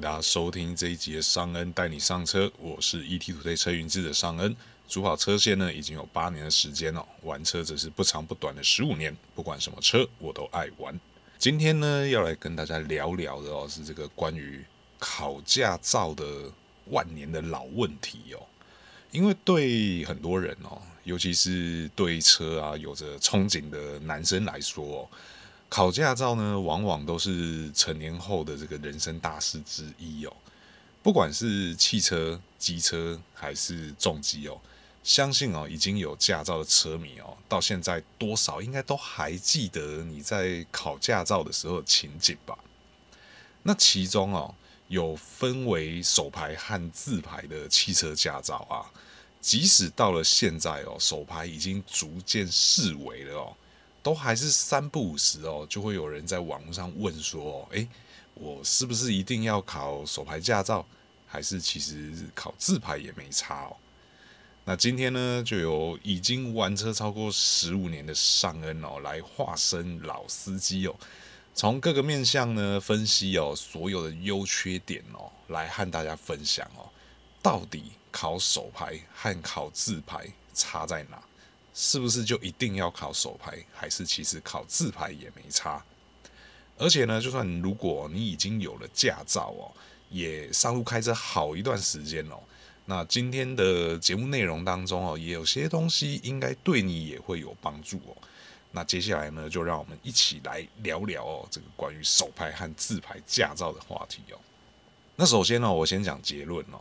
大家收聽這一集的《尚恩帶你上車》，我是 ETtoday 車雲誌的尚恩，主跑車線呢已經有八年的時間了，哦，玩車則是不長不短的十五年，不管什麼車我都愛玩。今天呢要來跟大家聊聊的哦，是這個關於考駕照的萬年的老問題哦，因為對很多人哦，尤其是對車啊有着憧憬的男生來說，哦。考駕照呢，往往都是成年後的這個人生大事之一哦。不管是汽車、機車還是重機哦，相信哦已經有駕照的車迷哦，到現在多少應該都還記得你在考駕照的時候的情景吧？那其中哦有分為手排和自排的汽車駕照啊，即使到了現在哦，手排已經逐漸式微了哦。都還是三不五時哦，就會有人在網絡上問說：“誒，我是不是一定要考手排駕照，還是其實考自排也沒差哦？”那今天呢，就由已經玩車超過十五年的尚恩哦，來化身老司機哦，從各個面向呢分析哦，所有的優缺點哦，來和大家分享哦，到底考手排和考自排差在哪？是不是就一定要考手排，還是其實考自排也沒差？而且呢，就算如果你已經有了駕照哦，也上路開車好一段時間嘍、哦。那今天的節目內容當中哦，也有些東西應該對你也會有幫助哦。那接下來呢，就讓我們一起來聊聊哦，這個關於手排和自排駕照的話題哦。那首先呢，我先講結論哦。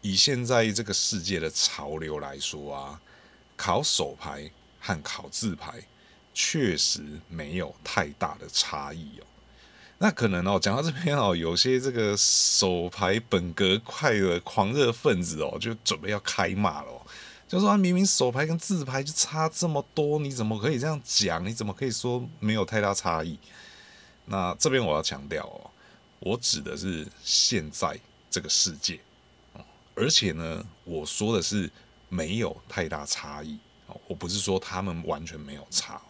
以現在這個世界的潮流來說啊。考手排和考自排確實沒有太大的差異哦。那可能哦，講到這邊哦，有些這個手排本格派的狂熱分子哦，就準備要開罵了、哦，就是、說、啊、明明手排跟自排就差這麼多，你怎麼可以這樣講？你怎麼可以說沒有太大差異？那這邊我要強調哦，我指的是現在這個世界哦，而且呢，我說的是。沒有太大差異，我不是說他們完全沒有差、哦。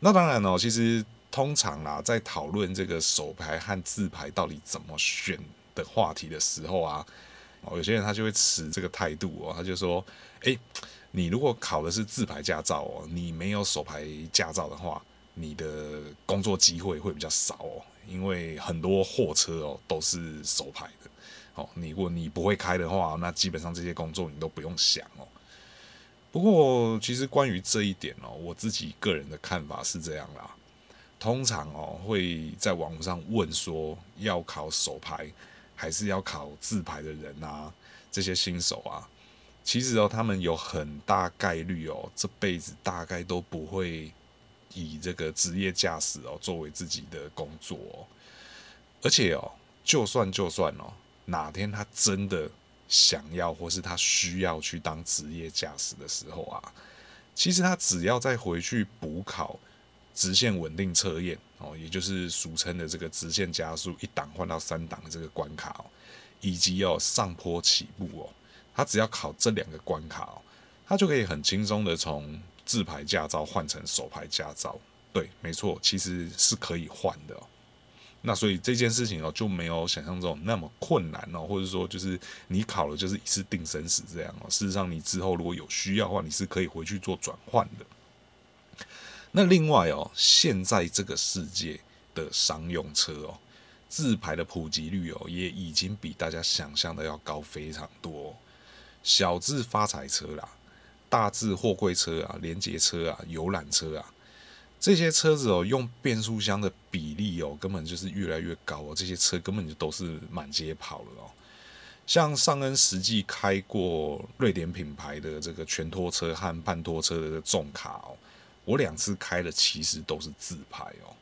那當然哦，其實通常啊，在討論這個手排和自排到底怎麼選的話題的時候啊，哦，有些人他就會持這個態度哦，他就說：誒，你如果考的是自排駕照哦，你沒有手排駕照的話，你的工作機會會比較少哦，因為很多貨車哦都是手排的。哦，你如果你不會開的話，那基本上這些工作你都不用想哦。不過，其實關於這一點哦，我自己個人的看法是這樣啦。通常哦，會在網絡上問說要考手排還是要考自排的人啊，這些新手啊，其實哦，他們有很大概率哦，這輩子大概都不會以這個職業駕駛哦作為自己的工作哦。而且哦，就算就算哦。哪天他真的想要或是他需要去當職業駕駛的時候啊，其實他只要再回去補考直線穩定測驗哦，也就是俗稱的這個直線加速一檔換到三檔的這個關卡哦，以及有上坡起步哦，他只要考這兩個關卡哦，他就可以很輕鬆的從自排駕照換成手排駕照。對，沒錯，其實是可以換的。那所以這件事情哦，就沒有想象中那麼困難哦，或者說就是你考了就是一次定生死這樣哦。事實上，你之後如果有需要的話，你是可以回去做轉換的。那另外哦，現在這個世界的商用車哦，自排的普及率哦，也已經比大家想象的要高非常多哦。小至發財車啦，大至貨櫃車啊，聯結車啊，遊覽車啊。這些車子哦，用變速箱的比例哦，根本就是越來越高哦。這些車根本就都是滿街跑的哦。像上恩實際開過瑞典品牌的這個全拖車和半拖車的重卡哦，我兩次開的其實都是自排哦。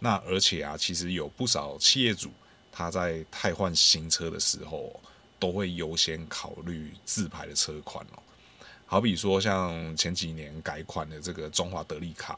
那而且啊，其實有不少企業主他在汰換新車的時候哦，都會優先考慮自排的車款哦。好比說像前幾年改款的這個中華德利卡。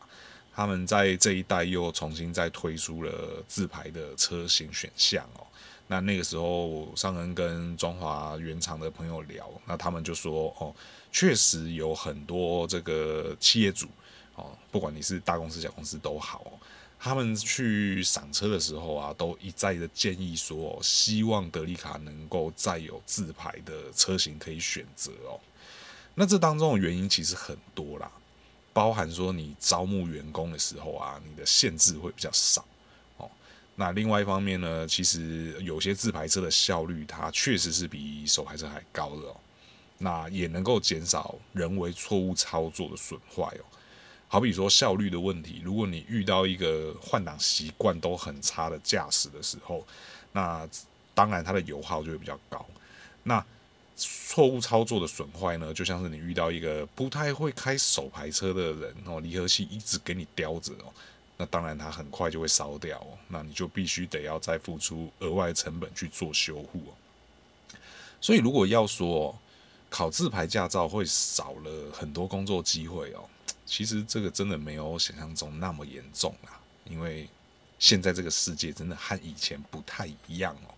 他們在這一代又重新再推出了自排的車型選項哦。那那個時候，商人跟中華原廠的朋友聊，那他們就說哦，確實有很多這個企業主哦，不管你是大公司小公司都好哦，他們去賞車的時候啊，都一再的建議說，哦，希望德利卡能夠再有自排的車型可以選擇哦。那這當中的原因其實很多啦。包含說你招募員工的時候啊，你的限制會比較少哦。那另外一方面呢，其實有些自排車的效率，它確實是比手排車還高的哦。那也能夠減少人為錯誤操作的損壞哦。好比說效率的問題，如果你遇到一個換擋習慣都很差的駕駛的時候，那當然它的油耗就會比較高。那錯誤操作的損壞呢，就像是你遇到一個不太會開手排車的人哦，離合器一直給你吊著哦，那當然它很快就會燒掉哦，那你就必須得要再付出額外的成本去做修護哦。所以如果要說考自排駕照會少了很多工作機會哦，其實這個真的沒有想象中那麼嚴重啊，因為現在這個世界真的和以前不太一樣哦。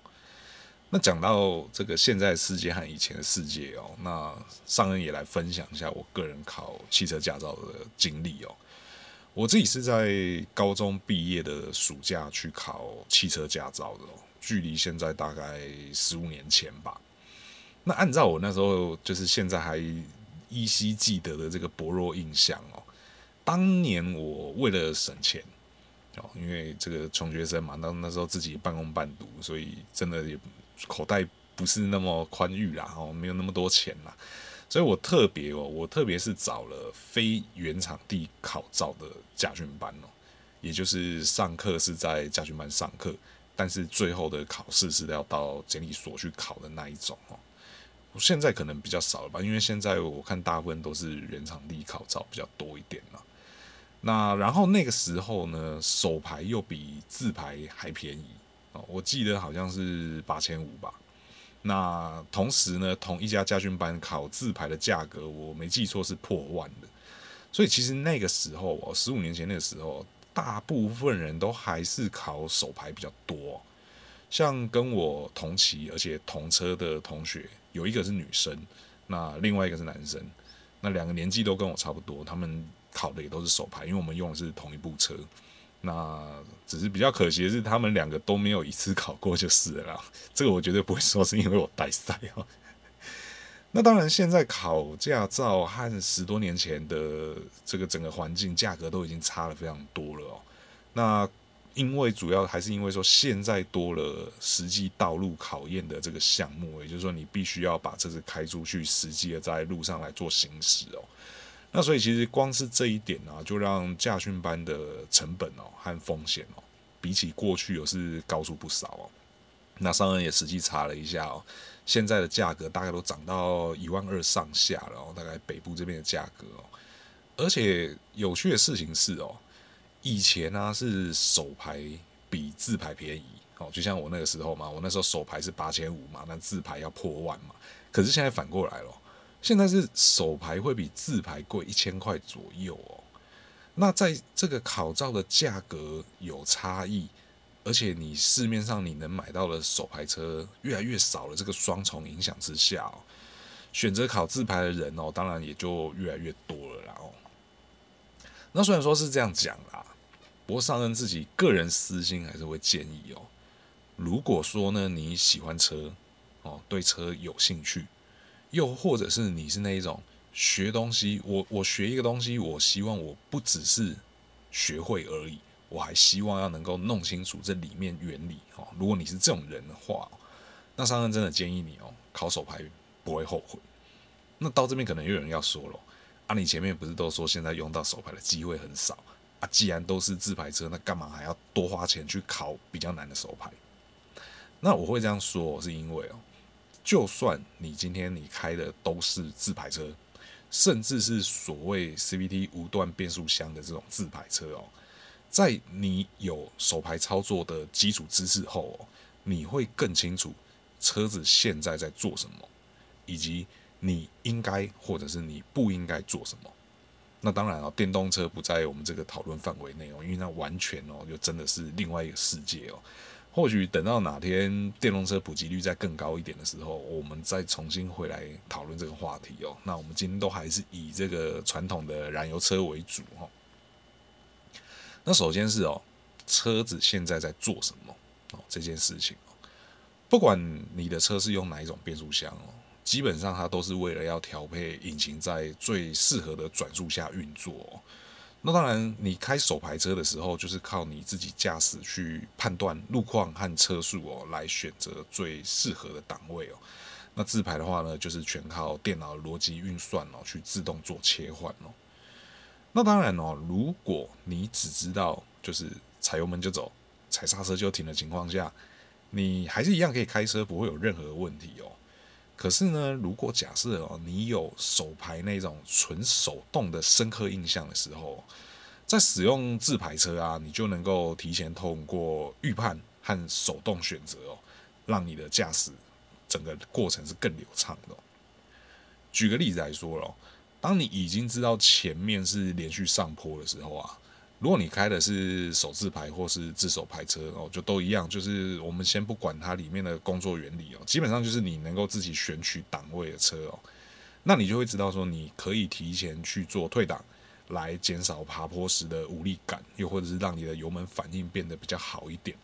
那講到這個現在世界和以前的世界哦，那上恩也來分享一下我個人考汽車駕照的經歷哦。我自己是在高中畢業的暑假去考汽車駕照的哦，距離現在大概十五年前吧。那按照我那時候就是現在還依稀記得的這個薄弱印象哦，當年我為了省錢哦，因為這個窮學生嘛，那那時候自己半工半讀，所以真的也。口袋不是那麼寬裕啦，哦，沒有那麼多錢啦，所以我特別哦，我特別是找了非原場地考照的駕訓班哦，也就是上課是在駕訓班上課，但是最後的考試是要到監理所去考的那一種哦。現在可能比較少了吧，因為現在我看大部分都是原場地考照比較多一點了。那然後那個時候呢，手排又比自排還便宜。我記得好像是八千五吧。那同時呢，同一家駕訓班考自排的價格，我沒記錯是破萬的。所以其實那個時候哦，十五年前那個時候，大部分人都還是考手排比較多。像跟我同期而且同車的同學，有一個是女生，那另外一個是男生，那兩個年紀都跟我差不多，他們考的也都是手排，因為我們用的是同一部車。那只是比較可惜的是，他們兩個都沒有一次考過就是了。這個我絕對不會說是因為我帶賽哦。那當然，現在考駕照和十多年前的這個整個環境、價格都已經差了非常多了哦。那因為主要還是因為說現在多了實際道路考驗的這個項目，也就是說你必須要把車子開出去，實際的在路上來做行駛哦。那所以其實光是這一點啊，就讓駕訓班的成本哦、喔、和風險哦、喔，比起過去又是高出不少哦、喔。那商人也實際查了一下哦、喔，現在的價格大概都漲到一萬二上下了、喔，哦，大概北部這邊的價格哦、喔。而且有趣的事情是哦、喔，以前呢、啊、是手排比自排便宜哦、喔，就像我那個時候嘛，我那時候手排是八千五嘛，那自排要破萬嘛。可是現在反過來了、喔。現在是手排會比自排貴一千塊左右哦，那在這個考照的價格有差異，而且你市面上你能買到的手排車越來越少了，這個雙重影響之下哦，選擇考自排的人哦，當然也就越來越多了啦哦。那雖然說是這樣講啦，不過上任自己個人私心還是會建議哦，如果說呢你喜歡車哦，對車有興趣，又或者是你是那一種學東西我，我我學一個東西，我希望我不只是學會而已，我還希望要能夠弄清楚這裡面原理哦。如果你是這種人的話、哦，那上任真的建議你哦，考手排不會後悔。那到這邊可能又有人要說了、哦，啊，你前面不是都說現在用到手排的機會很少啊？既然都是自排車，那幹嘛還要多花錢去考比較難的手排？那我會這樣說、哦，是因為哦。就算你今天你開的都是自排車，甚至是所謂 CVT 無段變速箱的這種自排車哦，在你有手排操作的基礎知識後哦，你會更清楚車子現在在做什麼，以及你應該或者是你不應該做什麼。那當然哦，電動車不在我們這個討論範圍內哦，因為它完全哦，就真的是另外一個世界哦。或許等到哪天電動車普及率再更高一點的時候，我們再重新回來討論這個話題哦。那我們今天都還是以這個傳統的燃油車為主哈。那首先是哦，車子現在在做什麼哦？這件事情哦，不管你的車是用哪一種變速箱哦，基本上它都是為了要調配引擎在最適合的轉速下運作哦。那當然，你開手排車的時候，就是靠你自己駕駛去判斷路況和車速哦，來選擇最適合的檔位哦。那自排的話呢，就是全靠電腦邏輯運算哦，去自動做切換哦。那當然哦，如果你只知道就是踩油門就走，踩剎車就停的情況下，你還是一樣可以開車，不會有任何問題哦。可是呢，如果假設哦，你有手排那種純手動的深刻印象的時候，在使用自排車啊，你就能夠提前通過預判和手動選擇哦，讓你的駕駛整個過程是更流暢的。舉個例子來說嘍，當你已經知道前面是連續上坡的時候啊。如果你開的是手自排，或是自手排車哦，就都一樣，就是我們先不管它裡面的工作原理哦，基本上就是你能夠自己選取檔位的車哦，那你就會知道說你可以提前去做退檔，來減少爬坡時的無力感，又或者是讓你的油門反應變得比較好一點。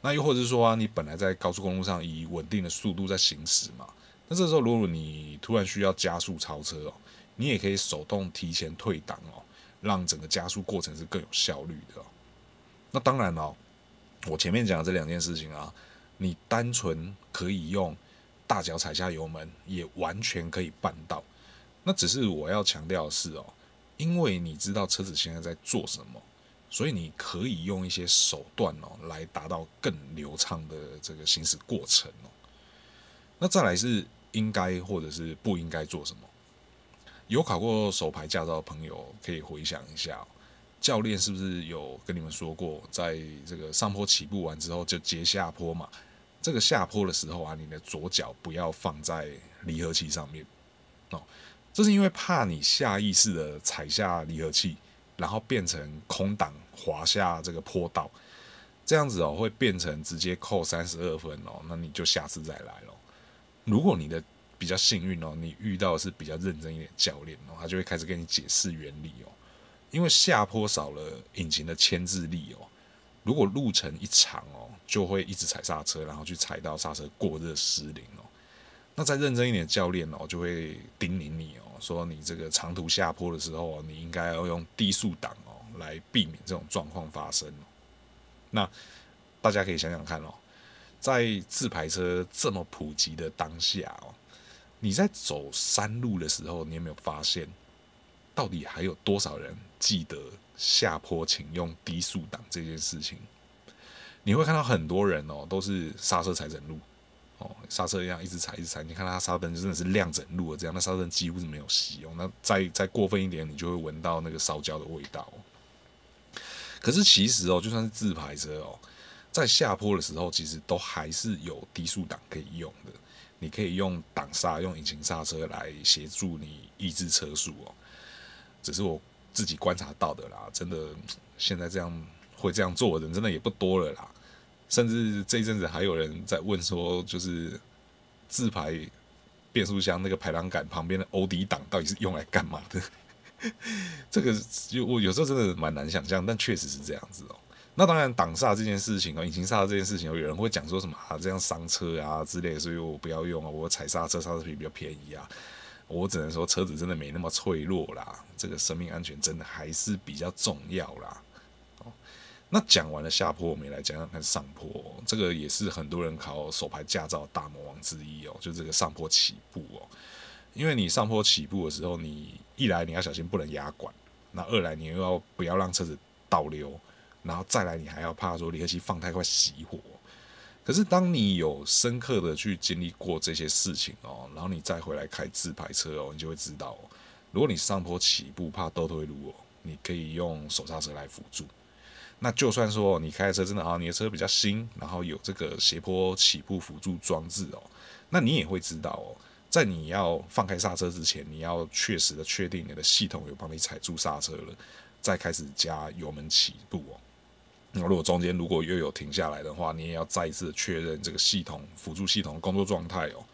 那又或者是說啊，你本來在高速公路上以穩定的速度在行駛嘛，那這時候如果你突然需要加速超車哦，你也可以手動提前退檔哦。讓整個加速過程是更有效率的哦，那當然哦，我前面講的這兩件事情啊，你單純可以用大腳踩下油門，也完全可以辦到。那只是我要強調的是哦，因為你知道車子現在在做什麼，所以你可以用一些手段哦，來達到更流暢的這個行駛過程哦。那再來是應該或者是不應該做什麼？有考過手排駕照的朋友，可以回想一下哦，教練是不是有跟你們說過，在這個上坡起步完之後就接下坡嘛？這個下坡的時候啊，你的左腳不要放在離合器上面哦，這是因為怕你下意識的踩下離合器，然後變成空檔滑下這個坡道，這樣子哦，會變成直接扣三十二分，哦，那你就下次再來咯，如果你的比較幸運哦，你遇到的是比較認真一點的教練哦，他就會開始跟你解釋原理哦，因為下坡少了引擎的牽制力哦，如果路程一長哦，就會一直踩剎車，然後去踩到剎車過熱失靈哦，那再認真一點的教練哦，就會叮嚀你哦，說你這個長途下坡的時候，你應該要用低速檔哦，來避免這種狀況發生。那大家可以想想看哦，在自排車這麼普及的當下哦。你在走山路的時候，你有沒有發現，到底還有多少人記得下坡請用低速檔這件事情？你會看到很多人哦，都是剎車踩整路，哦，剎車一樣一直踩一直踩，你看他剎車燈真的是亮整路的，這樣，那剎車幾乎是沒有吸用。那再再過分一點，你就會聞到那個燒焦的味道。可是其實哦，就算是自排車哦，在下坡的時候，其實都還是有低速檔可以用的。你可以用擋剎、用引擎剎車來協助你抑制車速哦，只是我自己觀察到的啦。真的，現在這樣會這樣做的人真的也不多了啦。甚至這一陣子還有人在問說，就是自排變速箱那個排擋桿旁邊的 OD 檔到底是用來幹嘛的？ 這個有我有時候真的蠻難想象，但確實是這樣子哦。那當然，擋煞這件事情哦，引擎煞這件事情，哦，有人會講說什麼啊？這樣傷車啊之類的，所以我不要用啊，我踩剎車，剎車皮比較便宜啊。我只能說，車子真的沒那麼脆弱啦，這個生命安全真的還是比較重要啦。哦，那講完了下坡，我們來講講看上坡，這個也是很多人考手排駕照大魔王之一哦，就這個上坡起步哦。因為你上坡起步的時候，你一來你要小心不能壓管，那二來你又要不要讓車子倒溜。然後再來，你還要怕說離合器放太快熄火、哦。可是當你有深刻的去經歷過這些事情哦，然後你再回來開自排車哦，你就會知道、哦，如果你上坡起步怕倒退嚕哦，你可以用手剎車來輔助。那就算說你開車真的啊，你的車比較新，然後有這個斜坡起步輔助裝置哦，那你也會知道哦，在你要放開剎車之前，你要確實的確定你的系統有幫你踩住剎車了，再開始加油門起步哦。如果中間如果又有停下來的話，你也要再一次確認這個系統輔助系統的工作狀態哦。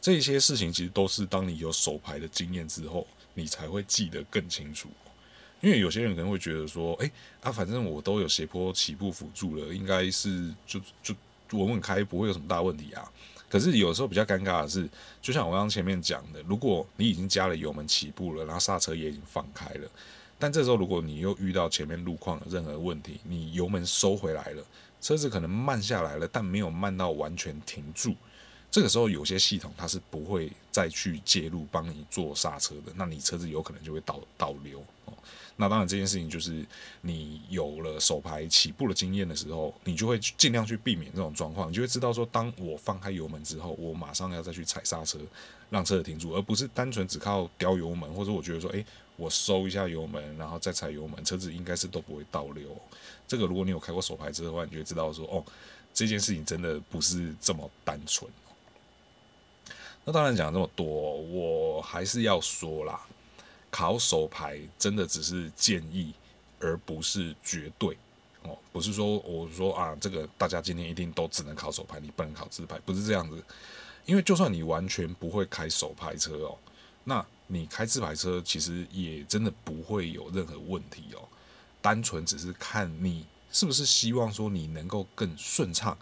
這些事情其實都是當你有手排的經驗之後，你才會記得更清楚哦。因為有些人可能會覺得說，誒、欸、啊，反正我都有斜坡起步輔助了，應該是就就穩穩開，不會有什麼大問題啊。可是有時候比較尷尬的是，就像我剛前面講的，如果你已經加了油門起步了，然後剎車也已經放開了。但這時候，如果你又遇到前面路況的任何問題，你油門收回來了，車子可能慢下來了，但沒有慢到完全停住。這個時候，有些系統它是不會再去介入幫你做剎車的，那你車子有可能就會倒倒流哦，那當然，這件事情就是你有了手排起步的經驗的時候，你就會盡量去避免這種狀況，你就會知道說，當我放開油門之後，我馬上要再去踩剎車，讓車子停住，而不是單純只靠叼油門，或者我覺得說，誒、欸。我收一下油門，然後再踩油門，車子應該是都不會倒溜，哦。這個如果你有開過手排車的話，你就會知道說，哦，這件事情真的不是這麼單純。那當然講了這麼多，我還是要說啦，考手排真的只是建議，而不是絕對哦，不是說我說啊，這個大家今天一定都只能考手排，你不能考自排。不是這樣子。因為就算你完全不會開手排車哦，那。你開自排車其實也真的不會有任何問題哦，單純只是看你是不是希望說你能夠更順暢，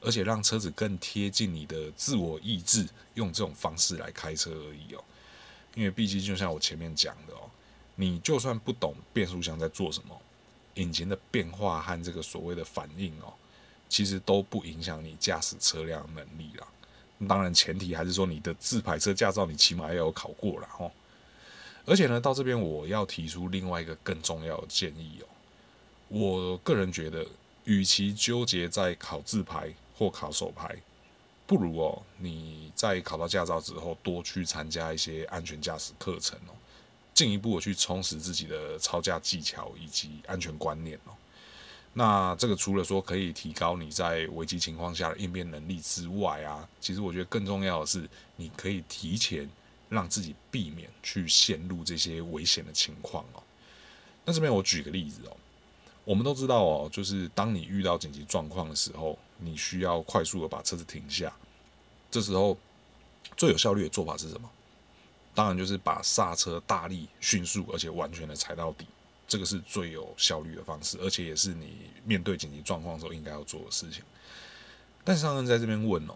而且讓車子更貼近你的自我意志，用這種方式來開車而已哦。因為畢竟就像我前面講的哦，你就算不懂變速箱在做什麼，引擎的變化和這個所謂的反應哦，其實都不影響你駕駛車輛能力啦。當然，前提還是說你的自排車駕照你起碼要有考過了哦。而且呢，到這邊我要提出另外一個更重要的建議哦。我個人覺得，與其糾結在考自排或考手排，不如哦你在考到駕照之後，多去參加一些安全駕駛課程哦，進一步去充實自己的操駕技巧以及安全觀念哦。那這個除了說可以提高你在危機情況下的應變能力之外啊，其實我覺得更重要的是，你可以提前讓自己避免去陷入這些危險的情況哦。那這邊我舉個例子哦，我們都知道哦，就是當你遇到緊急狀況的時候，你需要快速的把車子停下。這時候最有效率的做法是什麼？當然就是把剎車大力、迅速而且完全的踩到底。這個是最有效率的方式，而且也是你面對緊急狀況的時候應該要做的事情。但是他們在這邊問哦，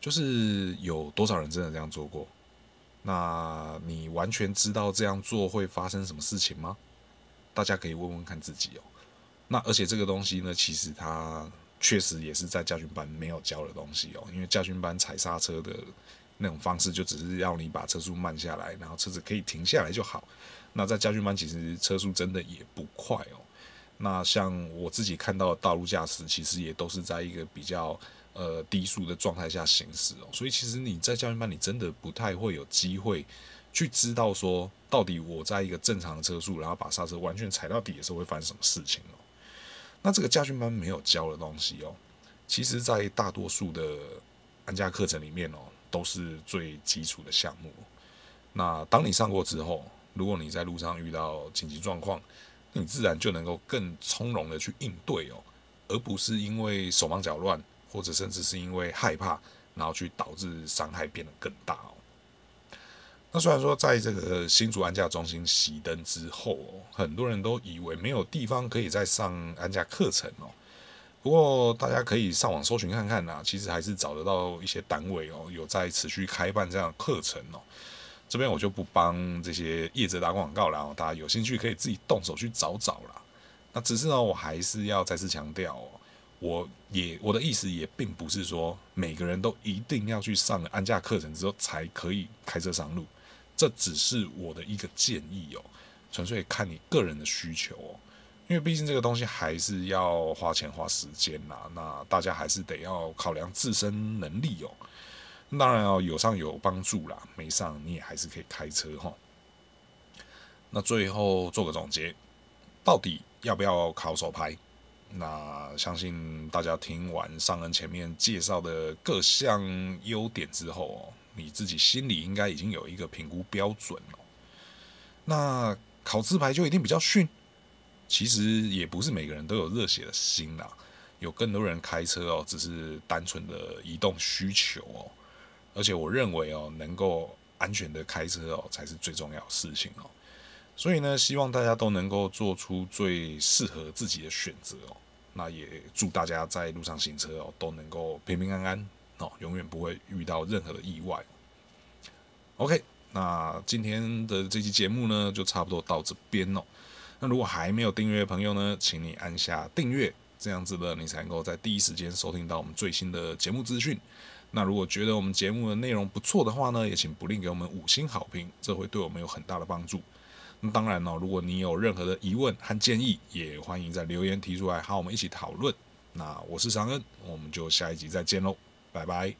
就是有多少人真的這樣做過？那你完全知道這樣做會發生什麼事情嗎？大家可以問問看自己哦。那而且這個東西呢，其實它確實也是在駕訓班沒有教的東西哦，因為駕訓班踩剎車的那種方式，就只是要你把車速慢下來，然後車子可以停下來就好。那在駕訓班，其實車速真的也不快哦。那像我自己看到的道路駕駛，其實也都是在一個比較呃低速的狀態下行駛哦。所以其實你在駕訓班，你真的不太會有機會去知道說，到底我在一個正常的車速，然後把剎車完全踩到底的時候會發生什麼事情哦。那這個駕訓班沒有教的東西哦，其實，在大多數的安駕課程裡面哦，都是最基礎的項目。那當你上過之後，如果你在路上遇到緊急狀況，你自然就能夠更從容的去應對哦，而不是因為手忙腳亂，或者甚至是因為害怕，然後去導致傷害變得更大哦。那雖然說在這個新竹安駕中心熄燈之後哦，很多人都以為沒有地方可以再上安駕課程哦，不過大家可以上網搜尋看看吶、啊，其實還是找得到一些單位哦，有在持續開辦這樣的課程哦。這邊我就不幫這些業者打廣告了，然後大家有興趣可以自己動手去找找啦。那只是呢，我還是要再次強調哦，我也我的意思也並不是說每個人都一定要去上了安駕課程之後才可以開車上路，這只是我的一個建議哦，純粹看你個人的需求哦，因為畢竟這個東西還是要花錢花時間啦、啊，那大家還是得要考量自身能力哦。當然哦，有上有幫助啦，沒上你也還是可以開車哈。那最後做個總結，到底要不要考手排？那相信大家聽完上恩前面介紹的各項優點之後哦，你自己心裡應該已經有一個評估標準了、哦。那考自排就一定比較遜？其實也不是每個人都有熱血的心啦、啊。有更多人開車哦，只是單純的移動需求哦。而且我認為哦，能夠安全的開車哦，才是最重要的事情哦。所以呢，希望大家都能夠做出最適合自己的選擇哦。那也祝大家在路上行車哦，都能夠平平安安哦，永遠不會遇到任何的意外。OK，那今天的這期節目呢，就差不多到這邊哦。那如果還沒有訂閱的朋友呢，請你按下訂閱，這樣子呢，你才能夠在第一時間收聽到我們最新的節目資訊。那如果覺得我們節目的內容不錯的話呢，也請不吝給我們五星好評，這會對我們有很大的幫助。那當然呢、哦，如果你有任何的疑問和建議，也歡迎在留言提出來，和我們一起討論。那我是常恩，我們就下一集再見嘍，拜拜。